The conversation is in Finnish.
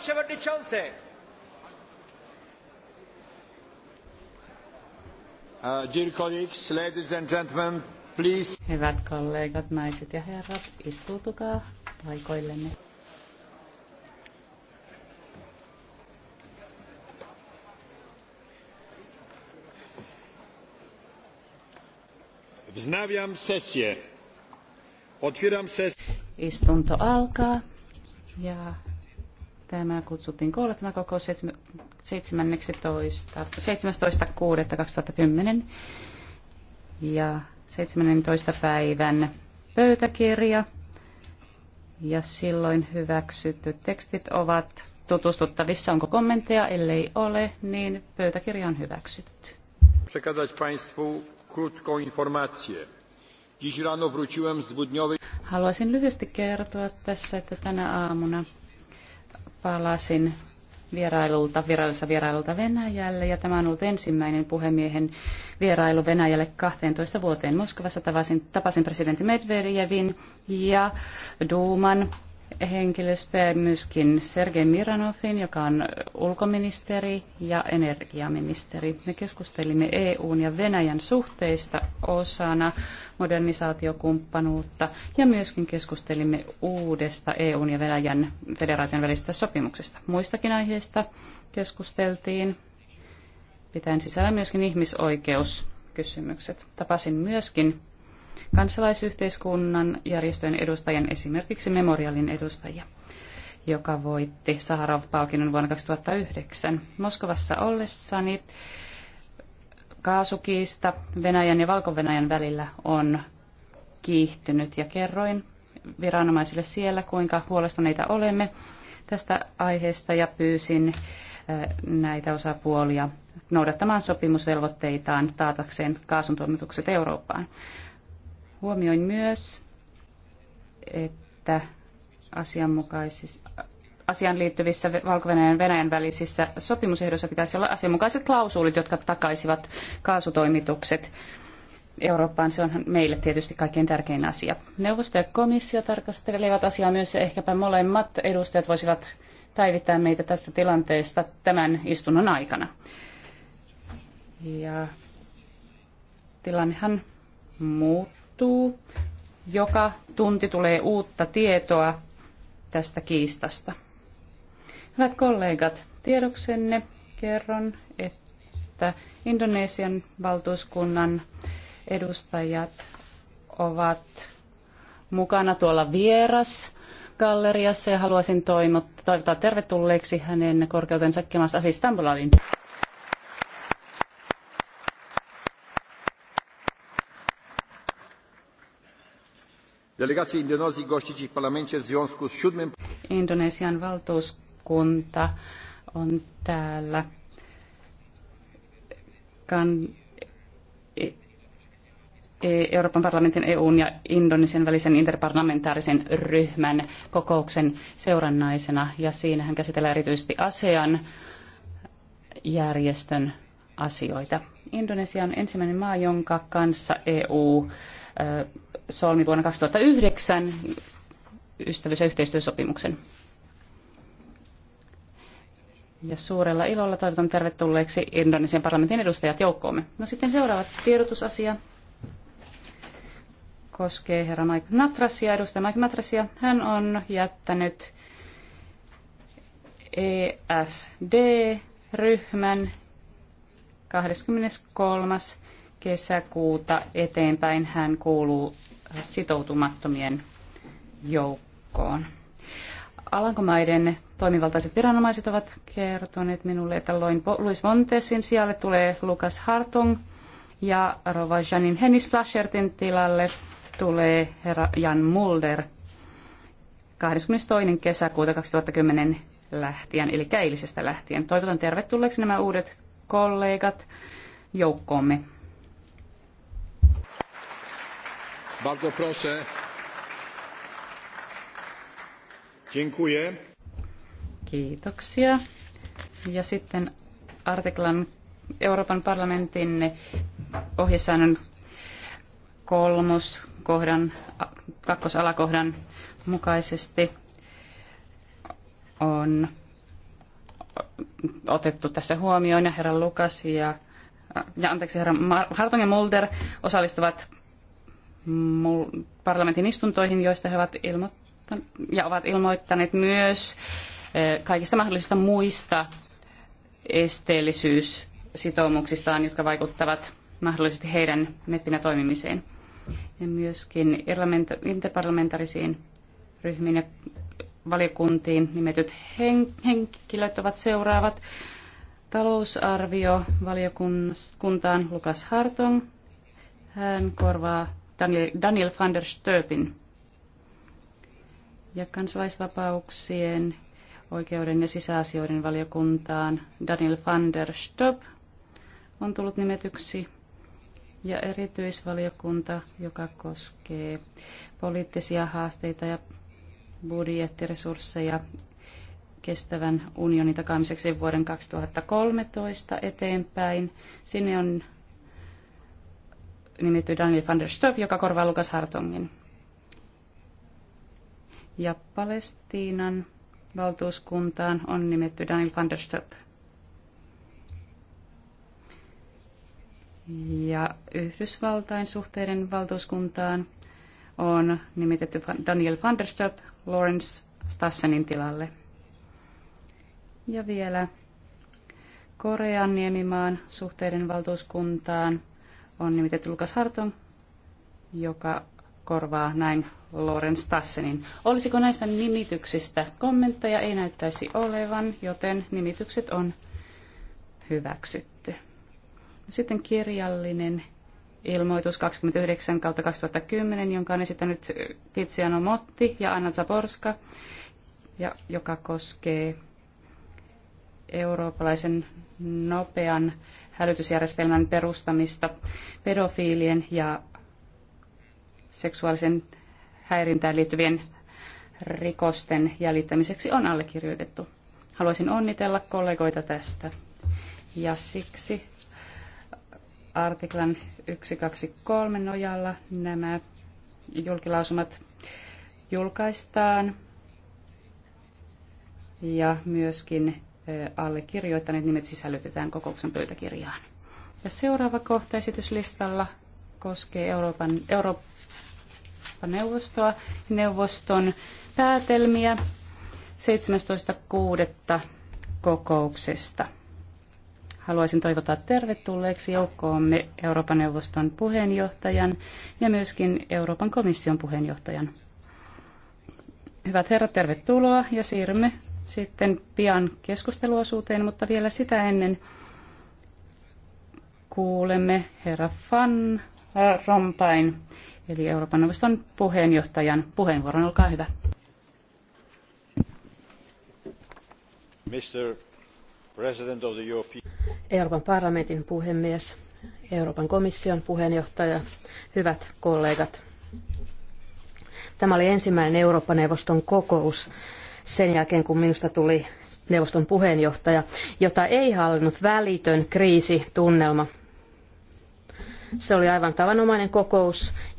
przewodniczący! Uh, dear colleagues, ladies and gentlemen, please. Hyvät kollegat, naiset ja herrat, istuutukaa paikoillenne. Vznaviam sesję. Otwieram sesję. Istunto alkaa ja Tämä kutsuttiin koolle tämä kokous 17.6.2010 ja 17. päivän pöytäkirja ja silloin hyväksytty tekstit ovat tutustuttavissa. Onko kommentteja? Ellei ole, niin pöytäkirja on hyväksytty. Przekazać Państwu krótką informację. Dziś rano wróciłem z dwudniowej... Haluaisin lyhyesti kertoa tässä, että tänä aamuna palasin vierailulta, virallisessa vierailulta Venäjälle ja tämä on ollut ensimmäinen puhemiehen vierailu Venäjälle 12 vuoteen. Moskovassa tavasin, tapasin presidentti Medvedevin ja Duuman henkilöstöä, myöskin Sergei Miranovin, joka on ulkoministeri ja energiaministeri. Me keskustelimme EUn ja Venäjän suhteista osana modernisaatiokumppanuutta ja myöskin keskustelimme uudesta EUn ja Venäjän federaation välisestä sopimuksesta. Muistakin aiheista keskusteltiin, pitäen sisällä myöskin ihmisoikeuskysymykset. Tapasin myöskin kansalaisyhteiskunnan järjestöjen edustajien, esimerkiksi Memorialin edustajia, joka voitti Saharov-palkinnon vuonna 2009. Moskovassa ollessani kaasukiista Venäjän ja valko -Venäjän välillä on kiihtynyt ja kerroin viranomaisille siellä, kuinka huolestuneita olemme tästä aiheesta ja pyysin näitä osapuolia noudattamaan sopimusvelvoitteitaan taatakseen kaasuntoimitukset Eurooppaan. Huomioin myös, että asianmukaisissa, asiaan liittyvissä valko ja Venäjän välisissä sopimusehdoissa pitäisi olla asianmukaiset klausuulit, jotka takaisivat kaasutoimitukset Eurooppaan. Se on meille tietysti kaikkein tärkein asia. Neuvosto ja komissio tarkastelevat asiaa myös ja ehkäpä molemmat edustajat voisivat päivittää meitä tästä tilanteesta tämän istunnon aikana. Ja tilannehan muuttuu muuttuu. Joka tunti tulee uutta tietoa tästä kiistasta. Hyvät kollegat, tiedoksenne kerron, että Indonesian valtuuskunnan edustajat ovat mukana tuolla vieras galleriassa ja haluaisin toivottaa tervetulleeksi hänen korkeutensa Kemas Asistambulalin. Delegacja Indonezji gości dziś w parlamencie w związku z siódmym... Indonesian valtuuskunta on täällä kan... E- e- Euroopan parlamentin EUn ja Indonesian välisen interparlamentaarisen ryhmän kokouksen seurannaisena ja siinähän käsitellään erityisesti ASEAN järjestön asioita. Indonesia on ensimmäinen maa, jonka kanssa EU solmi vuonna 2009 ystävyys- ja yhteistyösopimuksen. Ja suurella ilolla toivotan tervetulleeksi Indonesian parlamentin edustajat joukkoomme. No sitten seuraava tiedotusasia koskee herra Mike Natrasia, edustaja Mike Natrasia. Hän on jättänyt EFD-ryhmän 23 kesäkuuta eteenpäin hän kuuluu sitoutumattomien joukkoon. Alankomaiden toimivaltaiset viranomaiset ovat kertoneet minulle, että Louis Vontesin sijalle tulee Lukas Hartung ja Rova Janin Hennis Flashertin tilalle tulee herra Jan Mulder 22. kesäkuuta 2010 lähtien, eli käilisestä lähtien. Toivotan tervetulleeksi nämä uudet kollegat joukkoomme. Bardzo proszę. Dziękuję. Kiitoksia. Ja sitten artiklan Euroopan parlamentin ohjesäännön kolmoskohdan, kakkosalakohdan mukaisesti on otettu tässä huomioon ja herra Lukas ja, ja anteeksi herra Harton ja Mulder osallistuvat parlamentin istuntoihin, joista he ovat ilmoittaneet, ja ovat ilmoittaneet myös eh, kaikista mahdollisista muista esteellisyyssitoumuksistaan, jotka vaikuttavat mahdollisesti heidän meppinä toimimiseen. Ja myöskin interparlamentaarisiin ryhmiin ja valiokuntiin nimetyt henkilöt ovat seuraavat. Talousarvio valiokuntaan Lukas Hartong. Hän korvaa Daniel, Daniel van der Stöpin. Ja kansalaisvapauksien, oikeuden ja sisäasioiden valiokuntaan Daniel van der Stöp on tullut nimetyksi ja erityisvaliokunta, joka koskee poliittisia haasteita ja budjettiresursseja kestävän unionin takaamiseksi vuoden 2013 eteenpäin. Sinne on nimetty Daniel van der Stöp, joka korvaa Lukas Hartongin. Ja Palestiinan valtuuskuntaan on nimetty Daniel van der Stöp. Ja Yhdysvaltain suhteiden valtuuskuntaan on nimitetty Daniel van der Stöp Lawrence Stassenin tilalle. Ja vielä Korean niemimaan suhteiden valtuuskuntaan on nimitetty Lukas Harton, joka korvaa näin Loren Stassenin. Olisiko näistä nimityksistä kommentteja? Ei näyttäisi olevan, joten nimitykset on hyväksytty. Sitten kirjallinen ilmoitus 29 kautta 2010, jonka on esittänyt Tiziano Motti ja Anna Zaborska, ja joka koskee eurooppalaisen nopean hälytysjärjestelmän perustamista pedofiilien ja seksuaalisen häirintään liittyvien rikosten jäljittämiseksi on allekirjoitettu. Haluaisin onnitella kollegoita tästä. Ja siksi artiklan 123 nojalla nämä julkilausumat julkaistaan ja myöskin allekirjoittaneet nimet sisällytetään kokouksen pöytäkirjaan. Ja seuraava kohta esityslistalla koskee Euroopan, Euroopan neuvostoa, neuvoston päätelmiä 17.6. kokouksesta. Haluaisin toivottaa tervetulleeksi joukkoomme Euroopan neuvoston puheenjohtajan ja myöskin Euroopan komission puheenjohtajan Hyvät herrat, tervetuloa ja siirrymme sitten pian keskusteluosuuteen, mutta vielä sitä ennen kuulemme herra Van Rompain, eli Euroopan neuvoston puheenjohtajan puheenvuoron. Olkaa hyvä. Mr. President of the European... Euroopan parlamentin puhemies, Euroopan komission puheenjohtaja, hyvät kollegat. Tämä oli ensimmäinen Eurooppa-neuvoston kokous sen jälkeen, kun minusta tuli neuvoston puheenjohtaja, jota ei hallinnut välitön kriisitunnelma. Se oli aivan tavanomainen kokous ja